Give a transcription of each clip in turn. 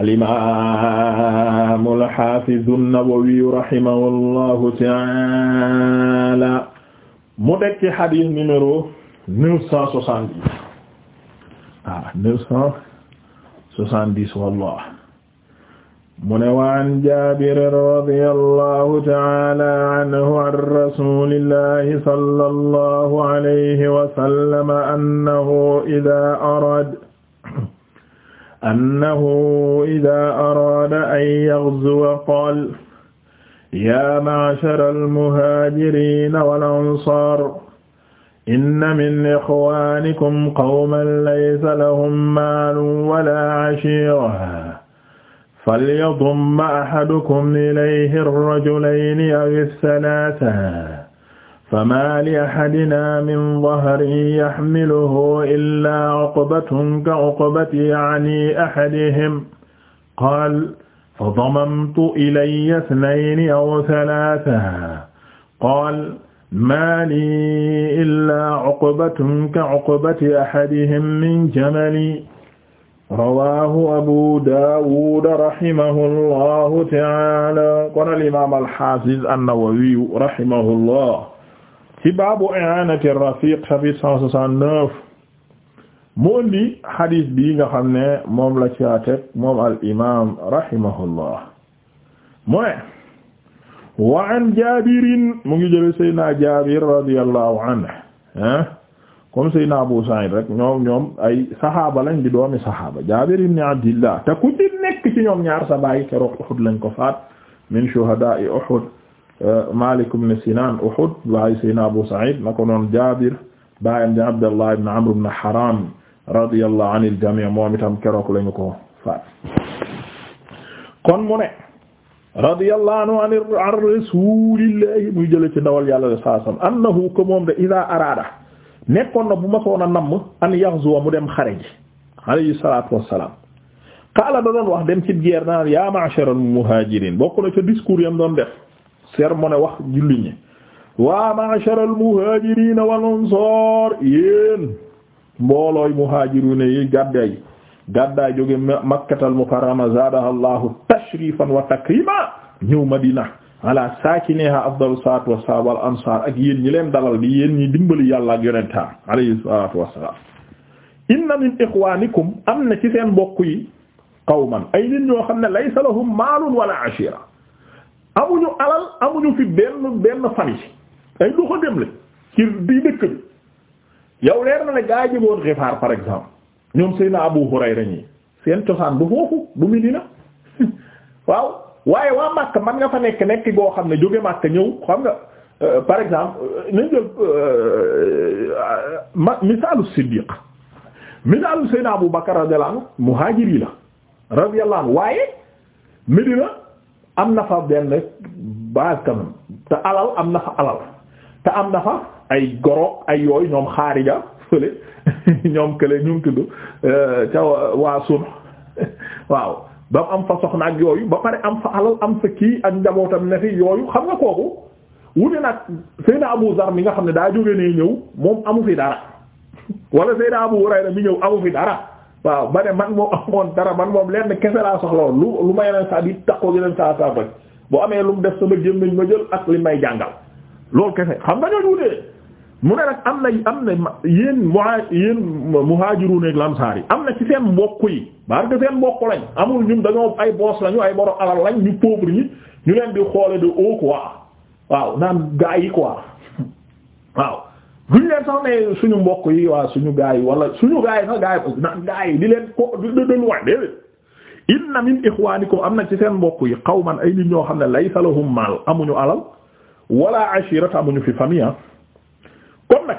al-imaam al-haafiz an-Nawawi rahimahullahu ta'aala mu dekk ci xadis numéro neuf cent soixante dix ah neuf cent soixante dix wallah mu ne waan Jaabir radiyallahu ta'ala anhu an rasuulillahi sallallahu alayhi wa sallam annahu idaa araada annahu idaa araada an yaghzuwa qaal yaa ma'shara al-muhaajiriina wal-ansaar inna min ixwaanikum qawman laysa lahum maalun walaa 'ashiira falyadumma ahadukum ilayhi ar-rajulayni aw ath-thalaatha فما لأحدنا من ظهره يحمله إلا عقبة كعقبة يعني أحدهم قال فضممت إلي اثنين أو ثلاثة قال ما لي إلا عقبة كعقبة أحدهم من جملي rawaahu abu daawud rahimahullahu ta'aala qaala al-imaam al-haafiz an-nawawi rahimahullah ci baabu i'anati rafiq mu indi hadis bi nga xam ne moom la ci teg moom al imam rahimahullah mu wa an jabirin mu ngi jële saydna jabir radiyallahu anhu comme saydna abu sa'id rek ñoom ñoom ay sahaaba lañ di doomi sahaaba jabir ibn abdillah te ku di nekk ci ñoom ñaar sa bàyyi keroog lañ ko faat min shuhada'i Uhud Euh, Malik ibn Sinan Uhud baay Seydina Abu Sa'id na ko Jabir baayam di Abdallah ibn Amr ibn Haram radiyallahu anil jami' moom itam keroog lañu ko faat kon mu ne radiyallahu anhu anir an rasulillahi muy jële ci ndawal yàlla sallallahu alayhi wasallam annahu ko moom de ida araada nekkoon na bu ma soon a namm an yaxzuwa mu dem xare ji alayhi salatu wassalam qaala da doon wax dem ci guerre naan ya ma'shar al muhajirin bokk na ca discours yam doon def sermone wax julli ñi waa ma'shara al-muhaajiriina wal ansaar yéen mboolooy muhaajiruna yi gàddaay gàddaay jóge makkatal mukarrama zaadaha llahu tashrifan wa takrima yéen ñi leen dalal di yéen ñi dimbali yàlla ak yonentaan alayhi salaatu inna min ixwaanikum am na ci seen mbokk yi qawman ay nit ñoo xam ne laysa lahum maalun wala ashira amuñu alal amuñu fi benn benn famille ay dox a dem la ci di dëkk bi yow leer na ne gaa yi jëgoon Gifaar par exemple ñoom Seydina Abu Hurayra ñi seen cosaan du foofu du Medina waaw waaye waa Makka man nga fa nekk nekk goo xam ne jóge Makka ñëw xam nga euh, par exemple euh, nañ jël euh, ma misaalu Siddiq misaalu Seydina Abu Bakar radiyallahu anhu muhaajiri la radiyallahu anhu waaye Medina am na fa benn base quand te alal am na fa alal te am na fa ay goro ay yooyu ñoom xaarija fële ñoom kële ñu ngi tudd euh, ca waa sun waaw ba am fa soxna ak yooyu ba pare am fa alal am fa kii ak njabootam ne fi yooyu xam nga kooku wute nag Seyna Abu Zar mi nga xam ne daa jóge ne ñëw moom amu fi dara wala Seyna Abu Hurayra mi ñëw amu fi dara waaw ba ne man moom amoon dara man moom lenn kese laa soxla woon lu lu may yeneen saa di ko yeneen saa saa rek bu amee lu mu def sama gémmiñ ma jël ak li may jàngal loolu kese xam nga ñoo wutee mu ne nag am na am na yéen muha yéen muhaajiruun ak lamsaar yi am na ci seen mbokku yi parce que seen mbokk lañ amul ñun dañoo ay boos lañu ay boro alal lañ ñu pauvre ñi ñu leen di xoole de haut quoi waaw naan gaa yi quoi waaw duñ leen sax suñu mbokk yi waa suñu gaa yi wala suñu gaa yi na gaa yi di leen ko di leen wax déedéet inna min ixwaanikum am na ci seen mbokk yi qawman ay nit ñoo xam ne laysa lahum maal amuñu alal wala ashirata amuñu fi famille ah. kon nag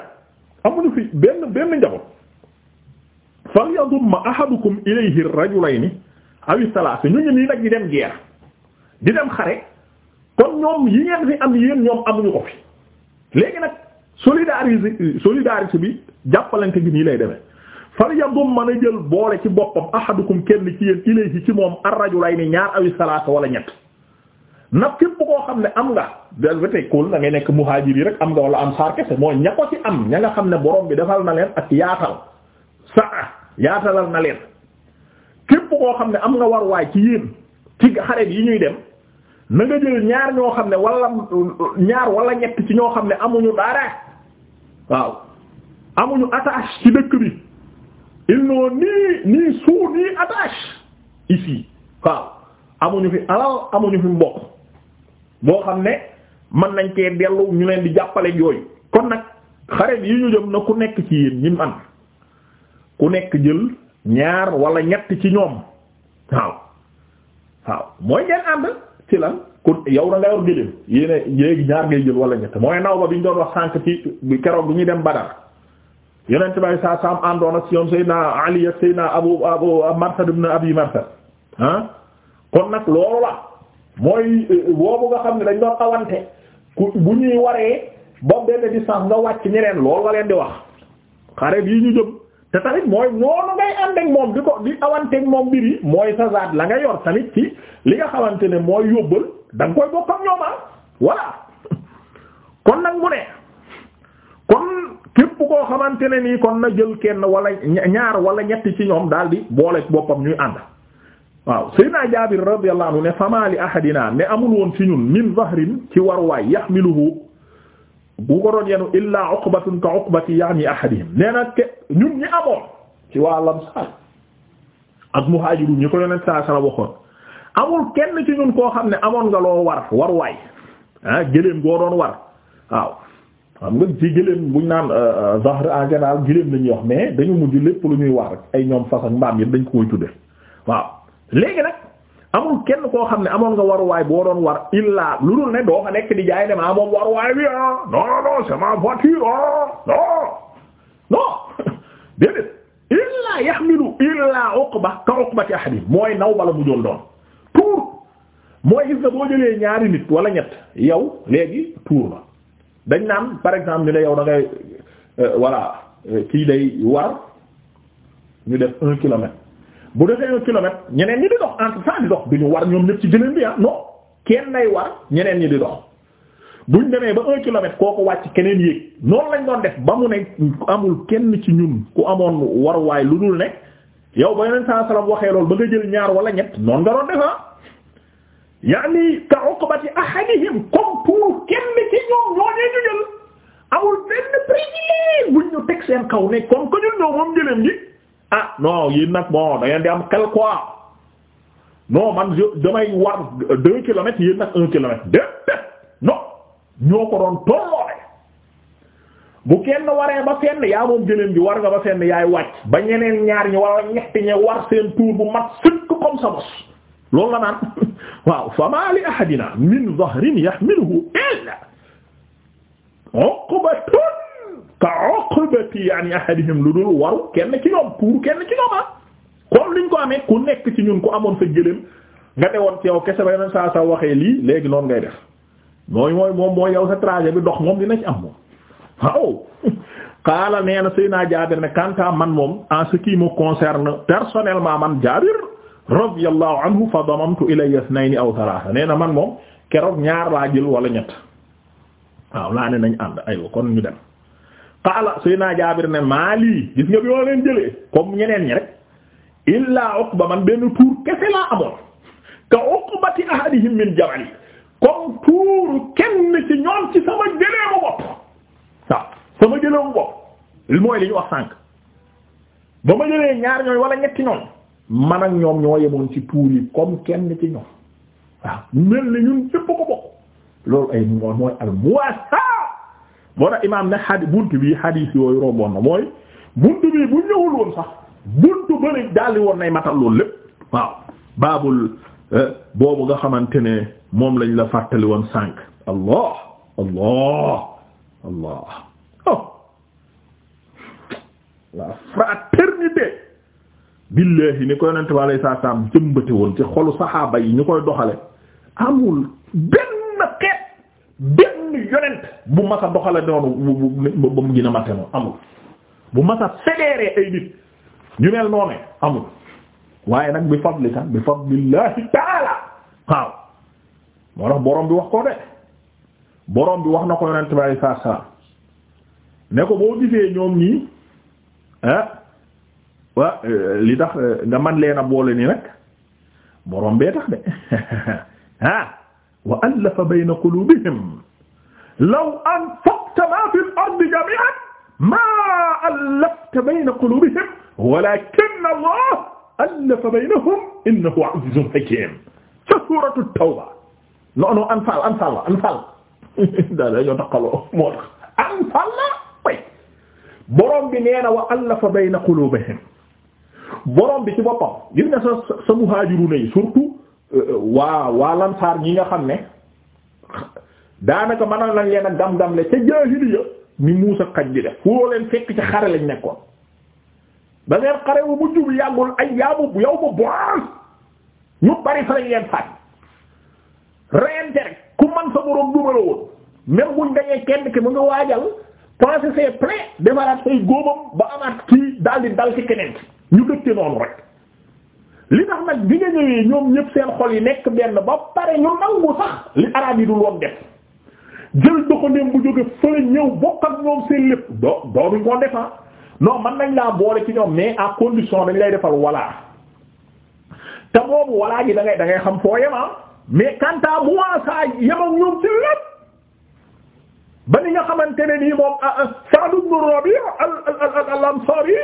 amuñu fi benn benn njaboot falyadumma ahadukum ilayhi rajulayni awi salaasa ñu ngi nii nag di dem guerre di dem xare kon ñoom yi ngeen fi am yéen ñoom amuñu ko fi léegi nag solidarité solidarité bi jàppalante gi nii lay demee fal yadum mën a jël boole ci boppam ahadukum kenn ci yéen ilayhi ci moom ar-rajulay ni ñaar awi salaasa wala ñett nag képp koo xam ne am nga da ba na ngay nekk muhaajir yi rek am nga wala am saar kese ko ci am ña xam ne borom bi defal na leen ak yaatal saa na leen képp koo xam ne am nga war waay ci yéen ci xaret yi ñuy dem na nga jël ñaar ñoo xam ne wala ñaar wala ñett ci ñoo xam ne amuñu dara waaw amuñu attache ci dëkk bi ils n'ont ni ni sous ni attache ici waaw amuñu fi alal amuñu fi mbokk boo xam ne mën nañ cee dellu ñu leen di jàppale yooyu kon nag xare yi ñu jëm na ku nekk ci yéen ñi man ku nekk jël ñaar walla ñett ci ñoom waaw waaw mooy ngeen ànd ci lan kon yow da nga yor gëléem yéene yéegi ñaar ngay jël wala ñett mooy naw ba bi ñu doon wax sànk ci keroog bi ñuy dem Badar yonent bay saa saam àndoon ak ñoom Seydina Ali ak Seydina Abu Abu Marsad ibn Abi Marsad ah kon nag loolu la mooy euh, boobu nga xam ne dañ doon awante ku bu ñuy waree ba benn distance nga wàcc ñeneen loolu nga leen di wax xare bii ñu jëm te tamit mooy noonu ngay ànd ak moom di ko di awanteeg moom mbir mooy sa la nga yor tamit ci li nga xamante ne mooy yóbbal da nga koy bokk ak ñoom ah. kon nag mu ne kon képp koo xamante ne nii kon na jël kenn wala ñaar wala ñetti ci ñoom daal di boole boppam ñuy ànd waaw Seydina Jaabir radiyallahu anhu ne fama li ahadina ne amul woon ci ñun min zahrin ci waruwaay yahmiluhu bu ko doon yenu illaa uqbatun ka uqbati yaani ahadihim nee na ke ñun ñi amoon ci waa lamsaar ak muhaajiru ñi ko yonent saa sala waxoon amul kenn ci ñun koo xam ne amoon nga loo war waruwaay waay ah gëléem goo doon war waaw nga ci gëléem buñ naan euh, euh, zahr en général gëléem lañuy wax mais dañu mujj lépp lu ñuy wax rek ay ñoom fas ak mbaam yi dañ koo koy waaw léegi nag amul kenn koo xam ne amoon nga waruwaay boo doon war illaa lu dul ne doo fa nekk di jaay ne maa moom waruwaay bi ah non non non c'est ma voiture ah non non illaa yaxmilu illaa uqba ka uqbati ahadi mooy naw bala mu joon doon tuur mooy gis nga boo jëlee ñaari nit wala ñett yow léegi tuur la dañ naan par exemple ñu ne yow da walla euh, euh, kii day war ñu def un kilomètre bu defee un kilomètre ñeneen ñi di dox entre di dox du ñu war ñoom ñëpp ci gëléem bi ah non kenn nay war ñeneen ñi di dox buñ demee ba un kilomètre kooku wàcc keneen yéeg noonu lañ doon def ba mu ne amul kenn ci ñun ku amoon waruwaay lu dul ne yow ba yeneen saa salaam waxee loolu ba nga jël ñaar wala ñett noonu nga doon def ah. yaani ka uqbati ahadihim comme pour kenn ci ñoom ñoo ñu jël amul benn privilège buñ ñu teg seen kaw ne comme ah non yéen nag bon da ngeen di am quel quoi man damay war deux kilomètres yéen nag un kilomètre déet non ñoo ko doon tolloole bu kenn waree ba fenn yaa moom gëléem gi war nga ba fenn yaay wàcc ba ñeneen ñaar ñi wala ñetti ñi war seen tour bu mat sëkk comme sa bos loolu la naan waaw fama li ahadina min dhahrin yahmiluhu illa uqbatun ka uqbati yaani ahadihim lu dul waru kenn ci ñoom pour kenn ci ñoom ah comme liñ ko amee ku nekk ci ñun ku amoon fa gëléem nga dewoon ci yow kese ba yeneen saa saa waxee lii léegi noonu ngay def mooy mooy moom mooy yow sa trajet bi dox moom dina ci am moom waaw xaala nee na sëy naa Jaabir ne quant man moom en ce qui me concerne personnellement man Jaabir radiyallahu anhu fa damamtu ilayya isnayni aw thalatha nee na man moom keroog ñaar laa jël wala ñett nañ qaala naa Jaabir ne maa lii gis nga bi ma leen jëlee comme ñeneen ñi rek illaa Uqba man benn tuur kese laa amoon ka uqbati ahadihim min jabali comme tuuru kenn ci ñoom ci sama jëleemu bopp waaw sama jëleemu bopp mooy li ñu wax sànq ba ma jëlee ñaar ñooy wala ñetti ñoom man ak ñoom ñoo yemoon ci tuur yi comme kenn ci ñoom waaw mel ni ñun ñépp ko bokk loolu ay mooy mooy moo tax imaam ne xadi buntu bi xadiis yooyu romboon na mooy buntu bi bu ñëwul woon sax buntu bëri daldi woon nay matal loolu lépp waaw baabul eh, boobu nga xamante ne moom lañu la fàttali woon sànq allah allah allah oh la fraternité billahi ni ko yonente bi alayhi salaam jëmbate woon ci xolu saxaaba yi ñu koy doxale amul benn xeet benn yonent bu mas a doxale noonu ba mu gën a matte noonu amul bu mas a fédéré ay nit ñu mel noone amul waaye nag bi fadlika bi fadlillahi taala waaw moo tax borom bi wax ko de borom bi wax na ko yonent bàyyi saa saa ne ko boo gisee ñoom ñii ah wa li tax nga man leena boole nii nag borom bee tax de ah wa allafa bayna qulubihim law anfaqta ma fi al-ardi jami'an ma allafta bayna qulubihim walakinna Allah allafa baynahum innahu 'azizun hakim ca suuratu tawba non non anfal anfal la anfal daal dañoo taqaloo moo tax anfal la way borom bi nee na wa allafa bayna qulubihim borom bi ci boppam gis nga sa sa muhaajiruuna yi surtout euh, waa waa lansaar ñi nga xam ne daanaka mënoon nañ leen a gam-gam le ca jaahiliya ni Muusa xaj di def foo leen fekk ca xare lañ nekkoon ba ngeen xare bu mujj bu yàggul ay yaabu yow ba bool ñu bari fa lañ leen faat reyante rek ku man sa boroom duma la woon même buñ dañee kenn ki mu ngi waajal penser ses plaies defaraat say góobam ba amaat kii daldi dal ci keneen ñu dëkke noonu rek li tax nag bi nga ñëwee ñoom ñëpp seen xol yi nekk benn ba pare ñu nangu sax li araab yi dul woon jël doxandéem bu jóge fële ñëw bokk ak ñoom seen lépp doo doonuñ ko defar ah. non man nañ laa boole ci ñoom mais à condition dañ lay defal walla te boobu walla gi dangay ngay xam foo yem ah. mais quant à moi saa yemam ñoom ci ba ni nga xamante ne nii moom ah, Sa'd ibn Rabi' al al al Ansari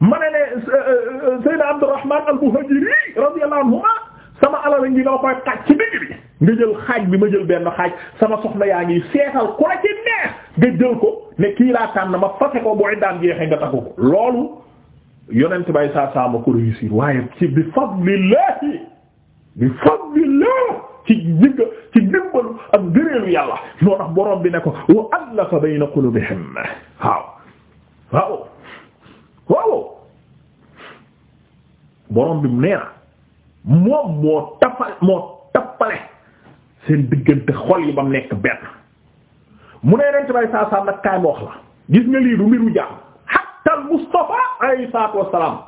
ma ne ne euh, euh, Sayyid Abdurrahman al-Muhajiri radiyallahu anhu sama alal ngi dama koy xaaj ci digg bi jël xaaj bi ma jël benn xaaj sama soxna yaa ngi seetal ku la ci neex ko ne kii laa tànn ma fase ko booy daan jeexee nga takku ko loolu yonent bay saa saa ma ko réussir waaye bi fadlillahi ci jigga ak gëreelu yàlla noo tax bi ne ko wa allafa bayna qulubihim waaw waaw waaw borom bi mu nee na moom moo tafal moo tappale seen diggante xol yi ba mu nekk benn mu ne rent bay saa saa nag kaay ma wax la gis lii du mbiru jàmm hatta al Mustafa alayhi salaatu wassalaam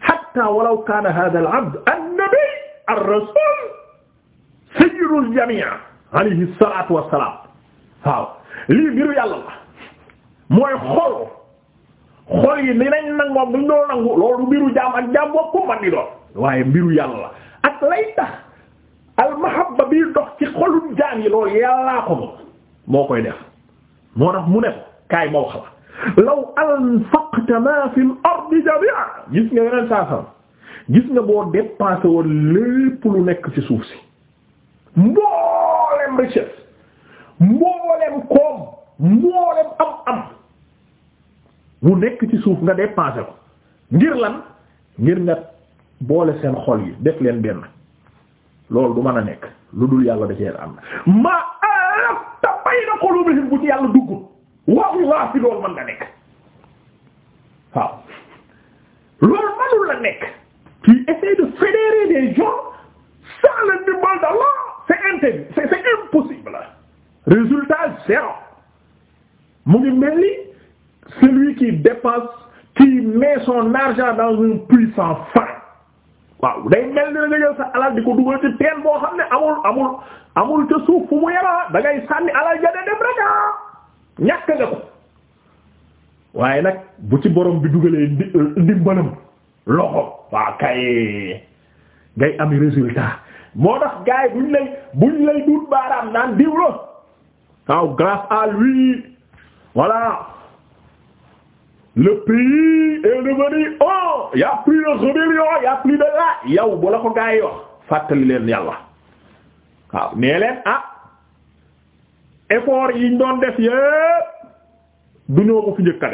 hatta walaw kaana hadha al abd an-nabi ar-rasul sayyidul jamii alayhi salaatu wassalaam waaw lii mbiru yàlla la mooy xol xol yi dinañ nangoo buñ doon nangu loolu du mbiru jàmm ak jàmm bokku man di doon waaye mbiru yàlla ak lay tax al mahabba bi dox ci xolum jaan yi loolu yàllaa ko moom moo koy def moo tax mu ne kaay ma wax la law anfaqta ma fil ardi jami'a gis nga yeneen saa sam gis nga boo dépensé woon lépp lu nekk ci suuf si mboolem richesse mboolem koom mboolem am am mu nekk ci suuf nga dépensé ko ngir lan ngir nga boole seen xol yi def leen benn lool du mën a nekk lu dul yàlla da cee am ma alafta bayna qulubihim bu ci yàlla dugg wallahi loolu mën na nekk waaw loolu mënul la nekk tu essaies de fédérer des gens sans le demande d'Allah c'est interdit c'est impossible résultat zéro mu ngi mel ni celui qui dépense qui met son argent dans un puits sans fin waaw day mel ni nga jël sa alal di ko dugal ci teen boo xam ne amul amul amul ca suuf fu mu yema da ngay sànni alal ja de dem rek ah ñàkk nga ko waaye nag bu ci borom bi dugalee ndi euh, ndimbalam loxo waa kay ngay ami résultat moo tax gaay buñ lay buñ lay duut baaraam naan diw waaw grâce à lui voilà le pays est devenu oh y de rébellion y a plus de là yow bu la ko gaa yi wax fàttali leen yàlla waaw nee leen ah effort yi doon def yépp du ñoo ko fi njëkk a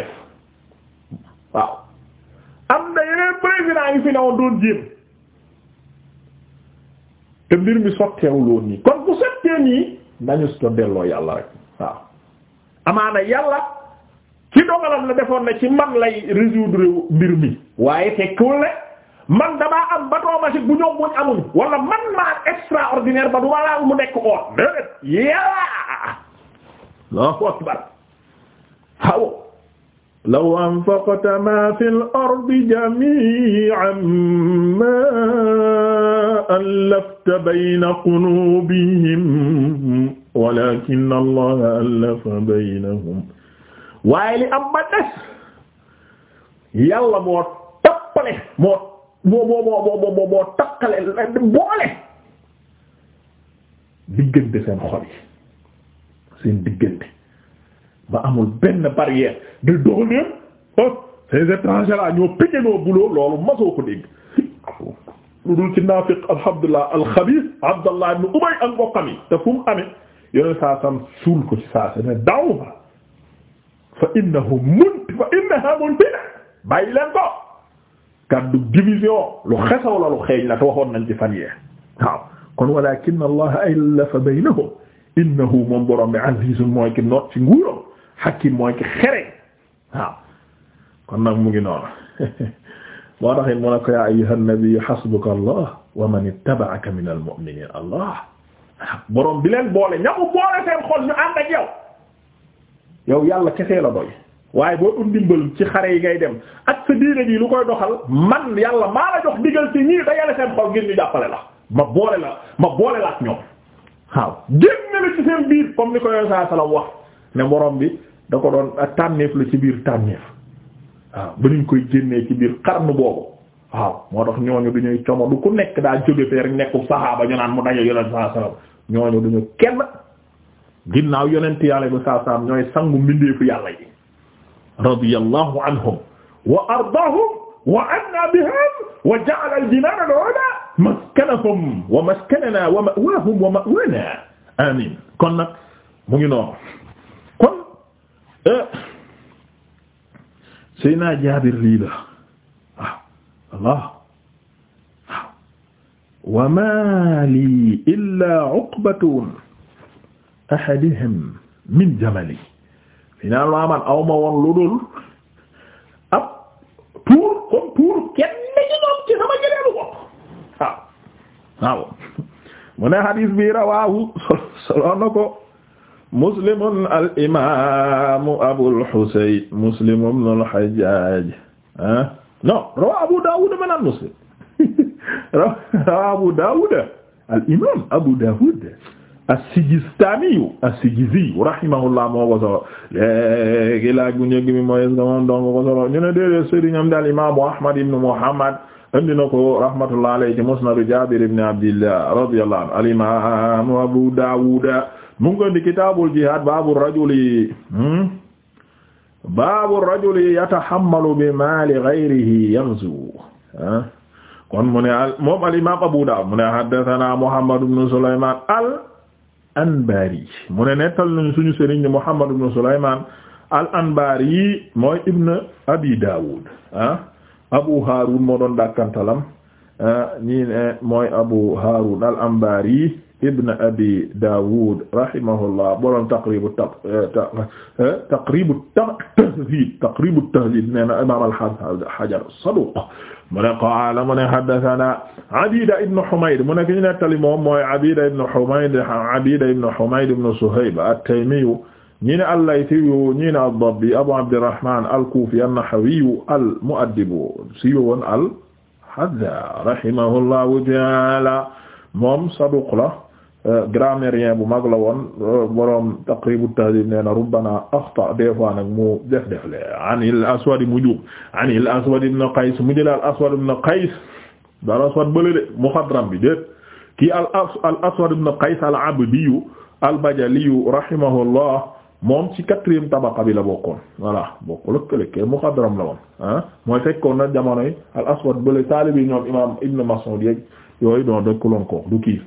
def te mbir mi sotteewul woon nii waaw amaana yàlla. ci dogalam la defoon ne ci man lay résoudre mbir mi waaye fekkiwul ne man damaa am bateau magique bu ñoom buñ amuñ wala man maa extraordinaire ba du ma laal mu nekk oot déedéet yàlla Allahu akbar haw law anfaqta ma fil ardi jami'an ma allafta bayna qulubihim walakin Allah allafa baynahum waaye li am ba des yàlla moo tappale moo moo moo moo moo moo boole diggante seen xol yi seen diggante ba amul benn barrière di dox leen ah oh, ces étrangers ñoo peñe buloo loolu masoo ko dégg. lu dul ci naafiq alhamdulilah alxabiis Abdallah ibn Ubay ak mbokkam yi te fu mu amee yeneen saa sam suul ko ci saa sa ne daaw. fa innahu mun fa innaha muntina bàyyi leen ko kaddu division lu xesaw la lu xeeñ la te waxoon nañ ci fan yee waaw kon walakin allah allafa baynahum innahu moom borom bi azizun mooy ki noot ci nguuram hakim mooy ki xere waaw kon nag mu ngi noonu moo tax it mu ne ko yaa ayyuha nabi hasbuka allah wa man ittaba'aka min al mu'minin allah borom bi leen boole ña ko boole seen xol ñu ànd ak yow yow yàlla kesee la doy waaye boo ut ndimbal ci xare yi ngay dem ak sa diine ji lu koy doxal man yàlla maa la jox digal ci ñii dajale seen xol ngir ñu jàppale la ma boole la ma boole la ak ñoom waaw génne la ci seen biir comme ni ko yoon saa sala wax ne borom bi da ko doon tànneef la ci biir tànneef waaw ba nuñ koy génnee ci biir xarnu boobu waaw moo tax ñooñu du ñuy como du ku nekk daa jóge fee rek nekku saxaaba ñu naan mu daje yoon saa sala ginnaaw yonent yàlla bi saa saam ñooy sangu mbindeefu yàlla yi radiyallahu anhum wa ardaahum wa anna bihim wa ja'ala al-jinaana al-'ulaa maskanahum wa maskananaa wa ma'waahum wa ma'waanaa amiin kon nag mu ngi noonu kon eh, Seydina Jaabir lii la waaw Allah waaw wa maa lii illaa 'uqbatun ahadihim min jamali finalement man aw ma woon lu dul ab tuur comme tuur kenn ci ñoom ci sama jëleelu bopp waaw waaw mu ne hadis bi rawahu solo na ko muslimun al imamu abul husayn muslim ibn al hajjaj ah non rawa abu dawud manan muslim rawa abu dawud al imam abu dawud as-Sijistani as-Sijizi rahimahullah moo ko solo léegi laaj bu njëkk bi mooy moom dong ko solo ñu ne déedéet sëriñam daal imaamu Ahmad ibn Muhammad indi na ko rahmatullah alayhi ci Musnad Jaabir ibn Abdillah radiyallahu anhu al-imaam Abu Daawud mu ngi ko indi kitaabul jihaad baabu rajuli hmm? baabu rajuli bi maali ghayrihi yagzu ah? kon mu al-imaam Abu Daawud mu ne haddathanaa Muhammad ibn Sulaymaan al anbari mu ne nettal nañu su suñu sëriñ Muhammad ibn Sulaymaan al yi mooy ibn abi Daawud ah, abu Haarun moo doon dàkkantalam nii ah, ne mooy abu Haarun al yi ibn abi Dawud rahimahullah borom taqribu taq eh, taqribu tahdhib taqribu tahdhib nee na imaam al-Hajar saduq mu ne qaala mu ne haddathana Abida ibn Humayd mu ne ki ñu nettali moom mooy Abida ibn Humayd Abida ibn Humayd ibn Suhayb at-Taymi ñi ne al-Laythi ñi ne ad-Dabbi Abu Abdirrahman al-Kufi an-Nahawi al-mu'addib si woon al-Hadda rahimahullahu ta'ala moom saduq la Euh, grammairien bu mag la woon euh, borom taqribu tahdhib nee na rubbana axta des fois mu def def le anil aswad mu juum anil aswad ibn qays mu jële al aswad ibn qays bi déet kii al al al abdiyu al moom ci quatrième tabaqa bi la bokkoon voilà bokkul mu kële kee la woon ah mooy fekkoon na jamonoy al aswad bële taalibi ñoom imam ibn mas'ud yeeg yooyu doon dëkkuloon ko du kii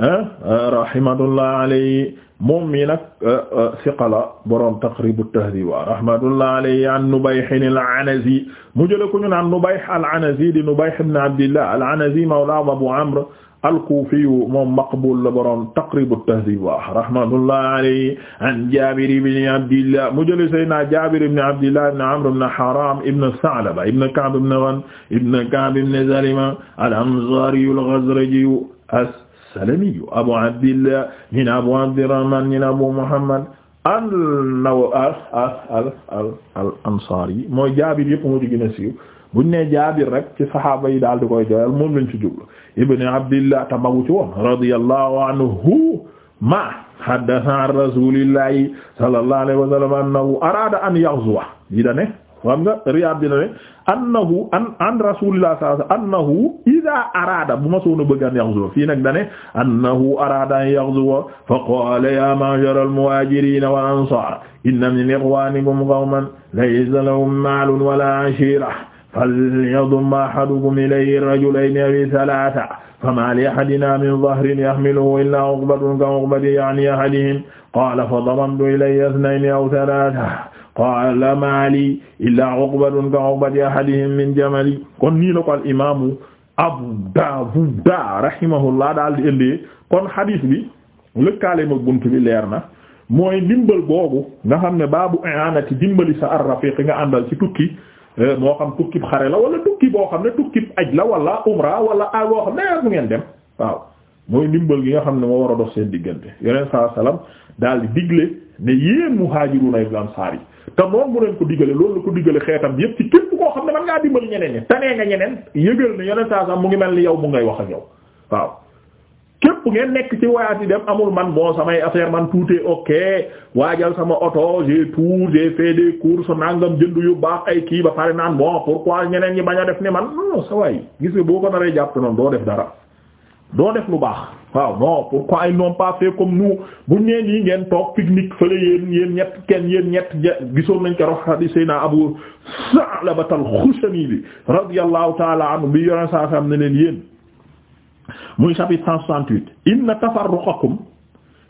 Euh, rahmatullah alayhi moom mi nag euh, euh, siqala boroom taqrib at-tahdhib wa rahmatullah alayhi an Nubayh al-Anazi mu jële ko ñu naan Nubayh al-Anazi di Nubayh ibn Abdillah al-Anazi mawla Abu Amr al-Kufi moom maqbul la boroom taqrib at-tahdhib wa rahmatullah alayhi an Jabir ibn Abdillah mu jële Seydina Jabir ibn Abdillah ibn Amr ibn Haram ibn Sa'laba ibn Ka'b ibn Ghanm ibn Ka'b ibn Zalima al-Anzari al-Ghazraji as-Salami Abu Abdillah ñi Abu Abdirrahman ñi Abu Muhammad an-Nawawi al al al Ansari mooy Jaabir yëpp moo ci gën a siiw buñ ne Jaabir rek ci saxaaba yi daal di koy joyal moom lañ ci jublu ibn Abdillah te magu ci woon radiyallahu anhu ma haddatha an rasulillahi sallallahu alayhi wa sallam annahu arada an yaghzuwa xam nga Riyaad dina ne annahu an an rasulillah sallallahu alayhi wasallam annahu idha arada bu ma soona bëgg an yaghzu fii nag dane annahu arada an yaghzu fa qala ya ma'shar al-muhajirin wal ansar inna min ikhwanikum qawman laysa lahum maalun wala ashira falyadum ahadukum ilayhi rajulayni aw thalatha fama li ahadina min dhahrin yahmiluhu illa uqbatun ka uqbati ya'ni ahadihim qala fa damamtu ilayhi ithnayni aw thalatha qaala maali illaa uqbatun ka uqbati kon nii la ko al daal di ëndee kon hadith ma bunt leer na mooy ndimbal boobu nga xam ne baabu i'aanati dimbali sa ar-rafiq nga àndal ci tukki eh, moo xam tukkib xare la wala tukki boo xam ne tukkib aj la wala wala a ngeen dem waaw mooy ndimbal gi nga xam ne moo war a dox seen diggante yeneen saa salaam daal di digle. ne yéen muhajiruna ibn ansar yi te noonu mu leen ko digale loolu la ko digale xeetam yépp ci képp koo xam ne man ngaa dimbali ñeneen ñi tanee nga ñeneen yëgal ne yeneen saa mu ngi mel ni yow mu ngay wax ak yow waaw képp ngeen nekk ci wayaat yi dem amul man bon samay affaire man tout ok waajal sama oto j'ai tout j'ai fait des nangam jënd yu baax ay kii ba pare naan bon pourquoi ñeneen ñi bañ a def ni man non sa waay gis nga boo ko naree jàpp noonu doo def dara doo def lu baax waaw non pourquoi ils n'ont pas fait comme nous buñ nee nii ngeen toog pique-nique fële yéen yéen ñett kenn yéen ñett gisoon nañ ko rox hadiis Seydina Abu Sa'labata al-Xushani bi radiyallahu ta'ala anhu bi yoneen saa xam ne leen yéen muy chapitre 168 inna tafarruqakum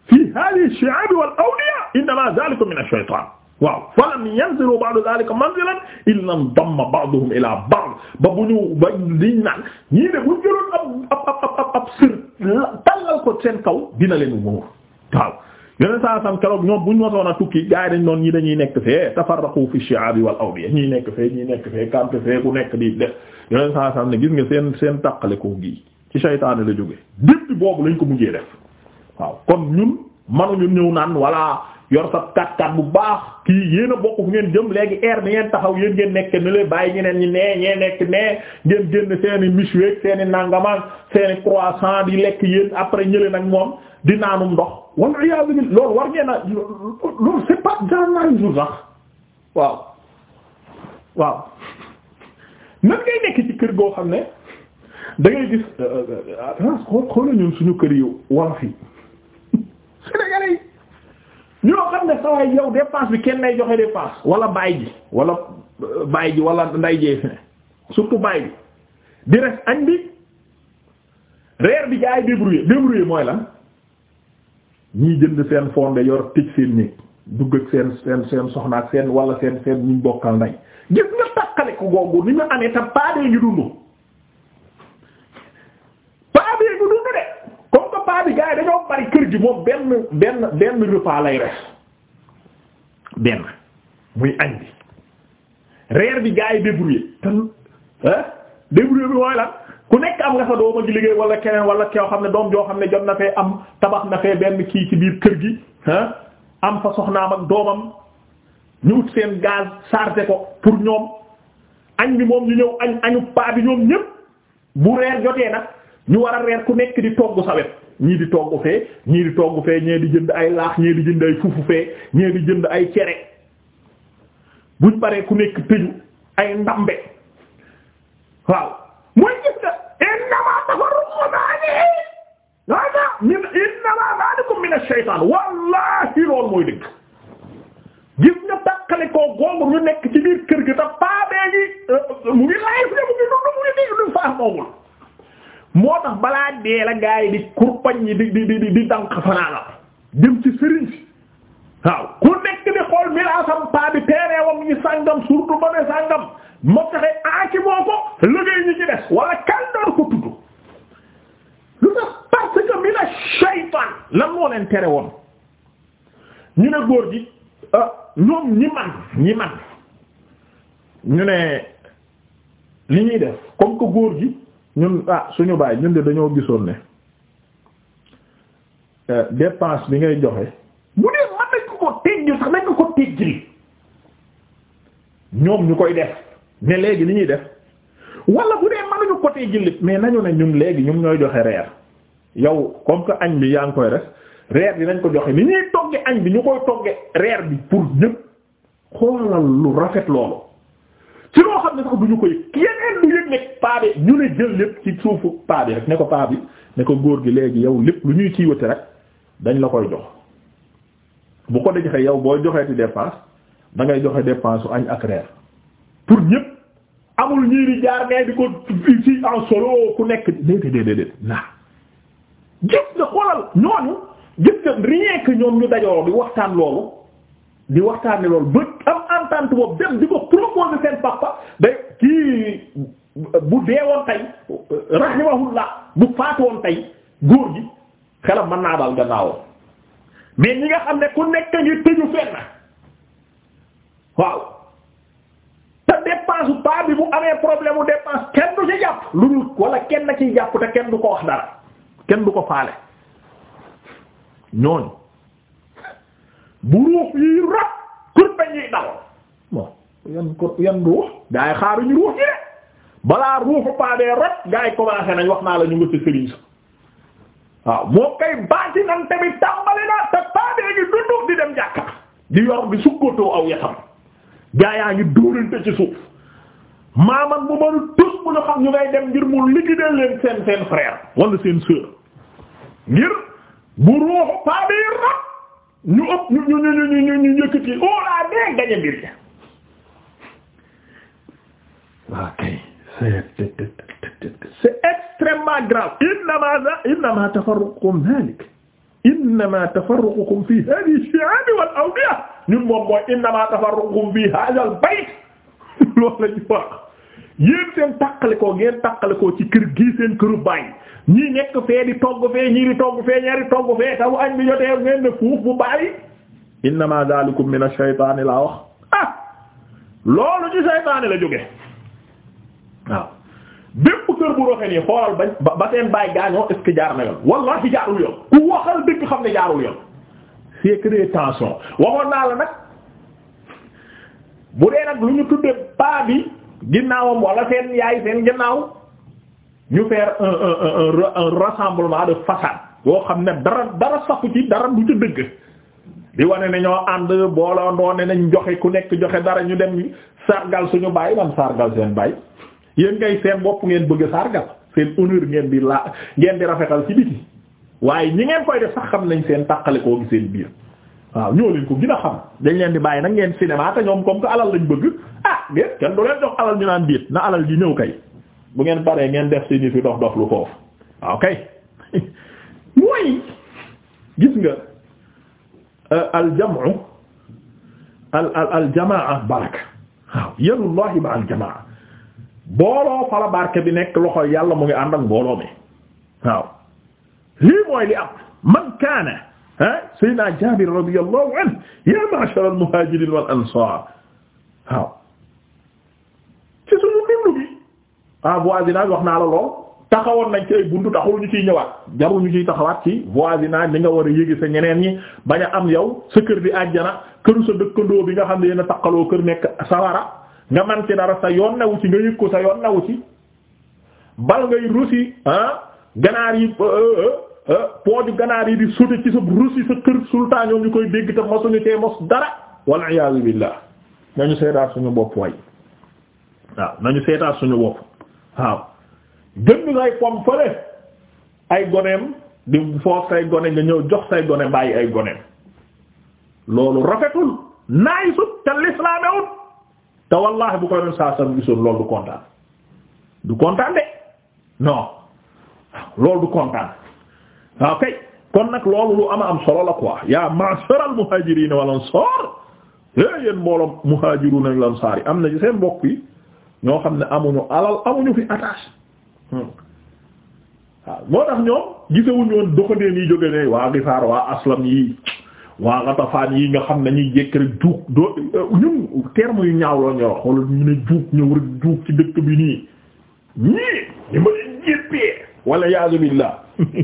fi hadhihi ash-shi'ab wal awliya innama dhalikum min ash-shaytan waaw falam yanzilu ba'du dhalika manzilan illa damma ba'duhum ila ba'd ba bu ñu ba liñ naan ñii de bu ñu jëloon ab ab ab ab sir tàllal ko seen kaw dina leen muur waaw yeneen saa sam keroog ñoom bu ñu wasoon a tukki gars yi dañ doon ñi dañuy nekk fee tafarraqu fi shi'abi wal awdiya ñii nekk fee ñii nekk fee campé fee ku nekk di def yeneen saa sam ne gis nga seen seen tàqalekoo gi ci saytaane la jóge depuis boobu lañ ko mujjee def waaw kon ñun mënuñu ñëw naan wala yor sa kat-kat bu baax kii yéen a bokk ngeen jëm léegi air bi ngeen taxaw yéen ngeen nekk ne la bàyyi ñeneen ñi nee ñee nekk nee ngeen génn seeni michueeg seeni nangaman seeni croissant di lekk yéen après ñële nag moom di naanum ndox wala yaa ngi loolu war ngeen a loolu c'est pas dans jour sax waaw waaw nan ngay nekk ci kër goo xam ne da ngay gis euh, euh, euh, ah, xoolal ñun suñu kër yi wolof yi sénégalais ñoo xam ne sawaay yow dépense bi kenn lay joxe dépense wala baay ji wala euh, baay ji wala nday jee surtout baay bi di res añ bi reer bi jaay débrouiller débrouiller mooy lan ñii jënd seen fonde yor tëj seen néeg dugg ak seen seen seen soxna ak seen wala seen seen ñu bokkal nday gis nga takkale ko googu ni ma amee ta paadee ñu dund bi gars yi dañoo bari kër gi moom benn benn benn repas lay res benn muy añ bi reer bi gars yi débrouillé tan ah débrouillé bi mooy lan ku nekk am nga fa dooma gi liggéey wala keneen wala koo xam ne doom joo xam ne jot na fee am tabax na fee benn kii ci biir kër gi ah am fa soxnaam ak doomam ñu ut seen gaz chargé ko pour ñoom añ bi moom ñu ñëw añ añu paa bi ñoom ñépp bu reer jotee nag ñu war a reer ku nekk di togg sa wet ñii di togg fee ñii di togg fee ñee di jënd ay laax ñee di jënd ay fufu fee ñee di jënd ay cere bu paree ku nekk tëju ay ndambe waaw mooy gis nga innama tafarruqani hada min innama zalikum min ash-shaytan wallahi loolu mooy dëgg gis nga tàqale koo googu ñu nekk ci biir kër gi te paabee gi euh, mu ngi laay fi mu mu ngi dégg lu faa moomul moo tax balaa dee la gaa yi di kurpañ yi di di di di dank ci sëriñ si ku nekk di xool milaasam paa bi teereewam ñu sàngam surtout ba ne sàngam ma fexe aaki moo ko liggéey ñi ci des wala kan ko tudd lu tax parce que mina shaytaan lan moo leen tere woon ñu ne góor gi ah, ñoom ñi man ñi man ñu ne li ñuy def comme que góor gi ñun ah suñu bàyyi ñun de dañoo gisoon ne euh, dépense bi ngay joxe bu dee man nañ ko ko teggil ñoom ñu koy def ne léegi li ñuy def wala bu dee mënuñu ko teggil mais nañu ne ñun léegi ñun ñooy joxe reer yow comme que añ bi yaa ngi koy def reer bi nañ ko joxe ni ñuy togge añ bi ñu koy togge reer bi pour ñëpp xoolal lu rafet loolu ci loo xam ne sax du ñu koy yeneen du yëg nekk paa bi ñu ne jël lépp ci suufu paa rek ne ko paa ne ko góor gi léegi yow lépp lu ñuy kiiwate rek dañ la koy jox bu ko defee yow boo joxee di dépense da ngay joxe dépense su añ ak reer pour ñëpp amul ñii di jaar nee di ko ci en solo ku nekk déedéet déedéet de naa gis nga xoolal ñooñu gis nga rien ñoom ñu dajoo di waxtaan loolu. di waxtaane loolu ba am entente boobu dem di ko proposer seen papa day kii bu dee woon tey rahimahullah bu faatu woon tey góor gi xelam mën naa daal gannaawoo mais ñi nga xam ne ku nekk ngi tëju fenn waaw te dépense pas bu amee problème mu dépense kenn du ci jàpp lu dul wala kenn ci jàpp te kenn du ko wax dara kenn du ko faale ñooñu bu ruux yi rab kurba ñuy dal bon yan ko yan ruux gaa yi xaaruñu ruux yi rek balaa ruuxu paadee rot gaa yi commencé nañ wax naa la ñu nga ci sëriñ sax waaw moo koy baati nan tamit tàmbali naa te paadee ngi dundu di dem jàkka di yor di sukkatoo aw yatam gaa yaa ngi dóorante ci suuf maaman bu mënu tus bu ñu xam ñu ngay dem ngir mu liquider leen seen seen frère wala seen sœur ngir bu ruuxu paadee rot ñu ëpp ñu ñu ñu ñu ñu ñu yëkkati oo laa dee gañe mbir ja waa kay c'est extrêmement grave innama innama tafarruqukum dhalik innama tafarruqukum fi hadhihi shi'ab wal awdiya ñun moom mooy innama tafarruqukum fi hadha al bayt loolu lañu wax yéen seen tàqalikoo ngeen tàqalikoo ci kër gii seen këru baay ñii nekk fee di togg fee ñii di togg fee ñaari togg fee taw añ bi jotee ngeen ne fuuf bu bàyyi innama dalikum min ash-shaytaani laa wax ah loolu ci shaytaani la jóge waaw bépp kër bu roxe nii xoolal bañ ba seen baay gaañoo est na yoon wallahi jaarul yoon ku waxal dëgg xam ne jaarul yoon c'est que des waxoon naa la nag bu dee nag lu ñu tudde paa bi ginnaawam wala seen yaay seen ginnaaw ñu faire un un un rassemblement de façade boo xam ne dara dara safu ci dara du ca dëgg di wane ne ñoo ànd booloo doone nañ joxe ku nekk joxe dara ñu dem sargal suñu baay man sargal seen baay yéen ngay seen bopp ngeen bëgg sargal seen honneur ngeen di la ngeen di rafetal ci biti waaye ñi ngeen koy def sax xam nañ seen tàqale koo gi seen biir. waaw ñoo leen ko gën a xam dañ leen di bàyyi nag ngeen cinéma te ñoom comme que alal lañ bëgg ah kenn du leen jox alal ñu naan biit na alal ji ñëw kay bu ngeen paree ngeen def si ni fi dox dox lu foofu waaw kay mooy gis nga euh, al jam'u al al al baraka waaw yadullahi ma al jamaa booloo fala barke bi nekk loxo yàlla mu ngi ànd ak mbooloo mi waaw lii mooy li am man kaana ah Seydina Jaabir radiyallahu anhu ya ma'shar al-muhajirin wal ansar waaw ci suñu nimlu bi ah wax naa la lool taxawoon nañ ci ay buntu taxul ñu ciy ñëwaat jarul ñu ciy taxawaat ci voisinage li nga war a yéegi sa ñeneen ñi bañ am yow sa kër di àjjana këru sa dëkkandoo bi nga xam ne yéen a kër nekk sawara nga man ci dara sa yoon nawu ci nga yëg ko sa yoon nawu ci bal ngay rusi ah, ganaar yi euh, euh, euh, Euh, pooju ganaar yi di sute ci sa rusi sa kër sultaan ñoom ñu koy dégg te masuñu tee mos dara wal iyaazu billah nañu seetaat suñu bopp way waaw nañu seetaat suñu bopp pom fële ay goneem di foof say gone nga ñëw jox say gone bàyyi ay goneem loolu rafetul naay sut te lislaamewut te wallaahi bu koy doon saa sam gisoon loolu du kontaan du kontaan de non loolu du kontaan waaw ah, kay kon nag loolu lu ama am solo la quoi yaa ma'shar al muhajirin wal ansar é eh, yéen mbooloo muhajirun al ansar yi am na ci seen mbokk yi ñoo xam ne amuñu alal amuñu fi attache hmm. ah, moo tax ñoom gisewuñu woon doxandéen yi jóge ne waa gisaar waa aslam yi waa Ghatafaan yii nga xam ne ñuy jekk rek juug doo eh, ñun terme yu ñaaw lool ñu ne juug ñëw rek juug ci dëkk bi nii ñii li ma leen jéppee wala yaazu billah kenn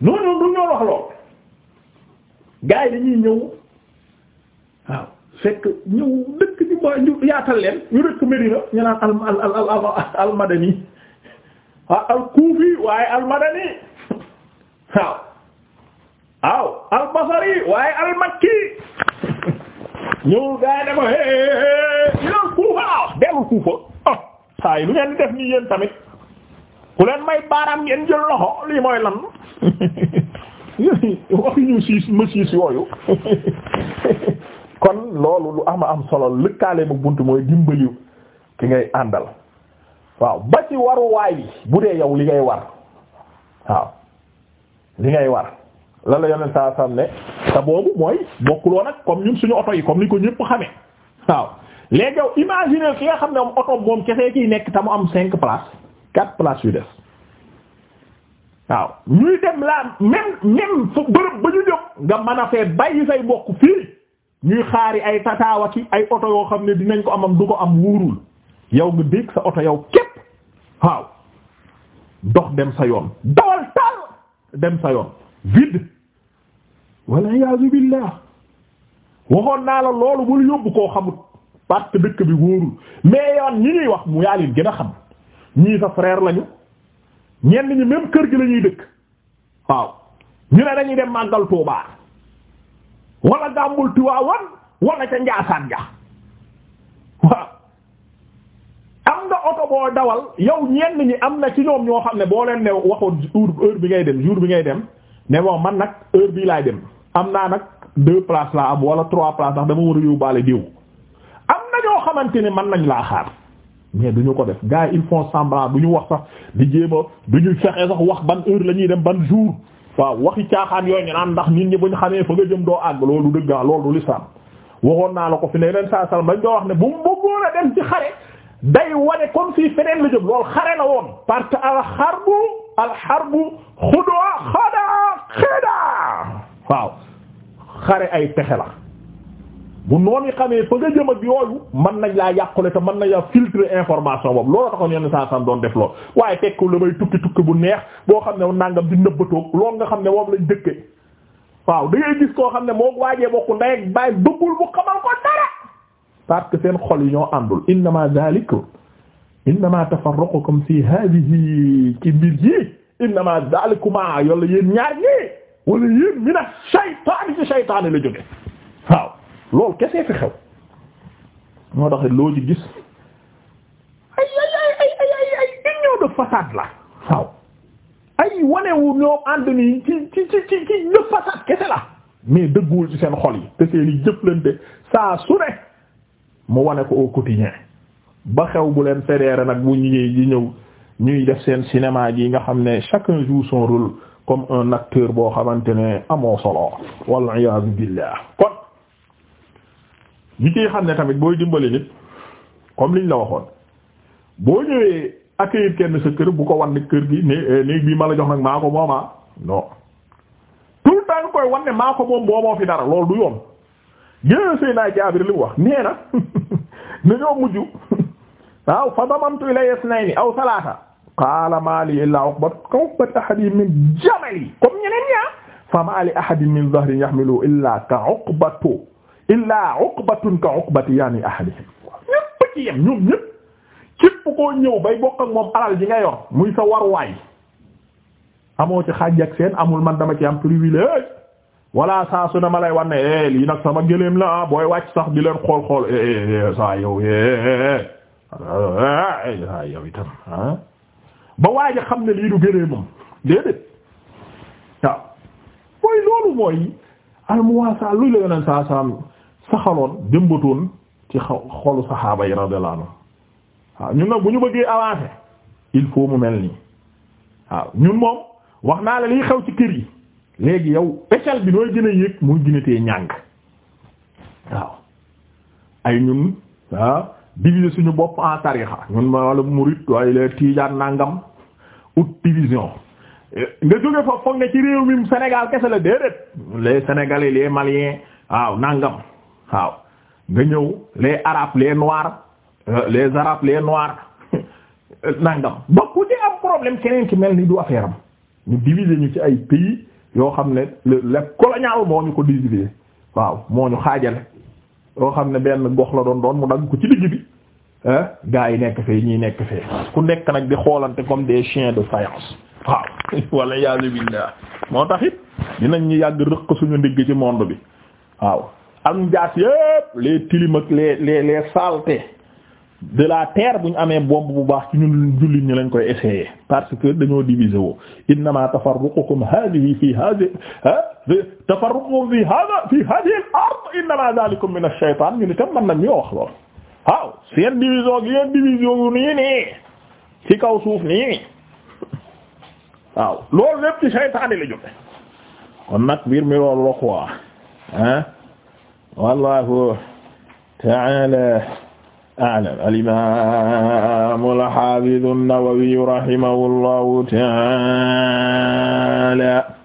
non non du ñoo wax lool dañuy ñëw waaw fekk ñëw dëkk bi mooy yaatal leen ñu dëkk Medina ñu naan al al al al madani waaw waaye al waaw waaw al waaye al makki ñëw gars hee hee hee ñu naan kuufa dellu kuufa. saa yi lu ngeen def nii yéen tamit ku leen may baaraam ngeen jël loxo lii mooy lan waxuñu siis ma siis yooyu kon loolu lu ama am solo lëkkaale mu bunt mooy dimbaliw ki ngay àndal waaw ba ci waru bu dee yow li ngay war waaw li ngay war la la yoneen saa sam ne te boobu mooy bokkuloon ak comme ñun suñu oto yi comme ni ko ñëpp xamee waaw léegi yow imaginer ki nga xam ne moom oto moom kese kiy nekk te am cinq places quatre places yu def waaw ñuy dem la même même fu bërëb ba ñu jóg nga mën a fee bàyyi say bokk fii ñuy xaari ay tataawa ci ay oto yoo xam ne dinañ ko am du ko am wóorul yow nga dégg sa oto yow képp waaw dox dem sa yoon dawal taal dem sa yoon vide walla iyaazu billaah waxoon naa la loolu bul yóbbu koo xamut parce que dëkk bi wóorul mais yoon ñi ñuy wax mu yaa leen gën a xam ñii sa frère lañu ñenn ñi même kër gi lañuy dëkk waaw ñu ne dañuy dem màggal Tuubaa wala gàmbul Tiwaawan wala ca Njaasaan ja waaw am na oto boo dawal yow ñenn ñi am na ci ñoom ñoo xam ne boo leen ne waxoon jour heure bi ngay dem jour bi ngay dem ne bon man nag heure bii laay dem am naa nag deux places laa am wala trois places ndax dama war a yóbbaale diw ñoo xamante ne mën nañ laa xaar mais duñu ko def gaa yi ils font semblant ñu wax sax di jéem a duñu fexe sax wax ban heure la ñuy dem ban jour waaw waxi caaxaan yooyu ñu naan ndax nit ñi buñ xamee fa nga jëm doo àgg loolu dëgg ah loolu du lislaam waxoon naa la ko fi ne yeneen saa sallam dañ doo wax ne bu mu bëggoon a dem ci xare day wane comme si feneen la jëm loolu xare la woon parce que al harbu al harbu xudaa xadaa xidaa waaw xare ay pexe la bu noonu xamee fa nga jëm ak yooyu mën nañ laa yàqule te mën nañ laa filtrer information boobu loolu taxoon yenn saa san doon def lool waaye tekku la may tukki tukki bu neex boo xam ne nangam di nëbbatoog loolu nga xam ne moom lañ dëkke waaw da gis koo xam ne moo waajee bokk ndey ak baay bëggul bu xamal ko dara parce que seen xol yi ñoo àndul innama zalika innama tafarraqukum fi hadhihi ci mbir yi innama zalikuma yolla yéen ñaar ñi wala yéen mina shaytaan ci shaytaan la jóge loolu kese fi xew moo tax loo ci gis ay ay ay ay ay ay union de la waaw ay wanewu ñoom ànd nii ci ci ci ci ci kese la mais dëgguwul ci seen xol yi te seen jëflante saa su ne mu wane ko au quotidien ba xew bu leen fédéré nag bu ñëwee di ñëw ñuy def seen cinéma ji nga xam ne chacun joue son rôle comme un acteur boo xamante ne amoo solo wal iyaazu billah kon ñu ciy xam ne tamit booy dimbali nit comme liñ la waxoon boo ñëwee accueillir kenn sa kër bu ko wan kër gi ne eh, néeg bii ma jox nag maa ko moomaa ah. non tout le koy wan maa ko moom boo moo fi dara loolu du yoon gën sëy naa Jaabir li mu wax nee na nañoo mujj waaw fa damantu ilay isnayni aw salaata qaala maali illaa uqbat ka uqbat ahadin min jamali comme ñeneen ñaa ah. fa maali ahadin min dhahrin yahmilu illaa ka uqbatu illaa uqbatun ka uqbati yaani ahadihim ñépp ci yem ñoom ñépp képp koo ñëw bay bokk ak moom alal ji nga yor muy sa waruwaay amoo ci xaaj seen amul man dama ci am privilège walla saa su ne ma lay wan ne eh, lii nag sama gëléem la ah, booy wàcc sax di leen xool xool eh, eh, saa yow saa ah. xam ne lii du gëléemam déedéet waaw mooy loolu mooy almuwaasa lu la yoneen saa saam saxaloon jëmbatoon ci xolu saxaaba yi radiyallahu anhu waaw ñun nag bu ñu bëggee avancer il faut mu mel nii waaw ñun moom wax naa la liy xew ci kër yi léegi yow échelle bi nooy gën a yéeg muy gën a tee ñàng waaw ay ñun ah suñu bopp en tarixa ñun ma wala murid waaye la tiijaan nangam ut division eh, nga jóge fa foog ne ci réew mi Sénégal kese la déedéet les Sénégalais les Maliens waaw nangam waaw nga ñëw les arabes les noirs euh, les arabes les noirs nangam ba ku ci am problème keneen ki mel ni du affaire am ñu diviser ñu ci ay pays yoo xam ne la colonial moo ñu ko diviser waaw moo ñu xaajale yoo xam ne benn gox la doon doon mu dagg ko ci digg bi gaa yi nekk fee ñii nekk fee ku nekk nag di xoolante comme des chiens de faïence waaw wala yaasu billah moo tax it dinañ ñu yàgg rëq suñu ndigg ci monde bi waaw am jaas yépp les tilim ak les les les saletés de la terre bu ñu amee bomb bu baax ci ñun jullit ñi lañ koy essayer parce que dañoo diviser woo innama tafarruqukum hadhihi fi hadhihi tafarruqukum fi hadha fi hadhihi al-ard innama dhalikum min ash-shaytan ñu ni tam man nag ñoo wax lool waaw seen division gi ngeen division nii nii ci kaw suuf nii nii waaw loolu lépp ci shaytaan la jóge kon nag mbir mi loolu la quoi wallahu ta'ala a'lam al-imam al-hafiz an-Nawawi rahimahullahu ta'ala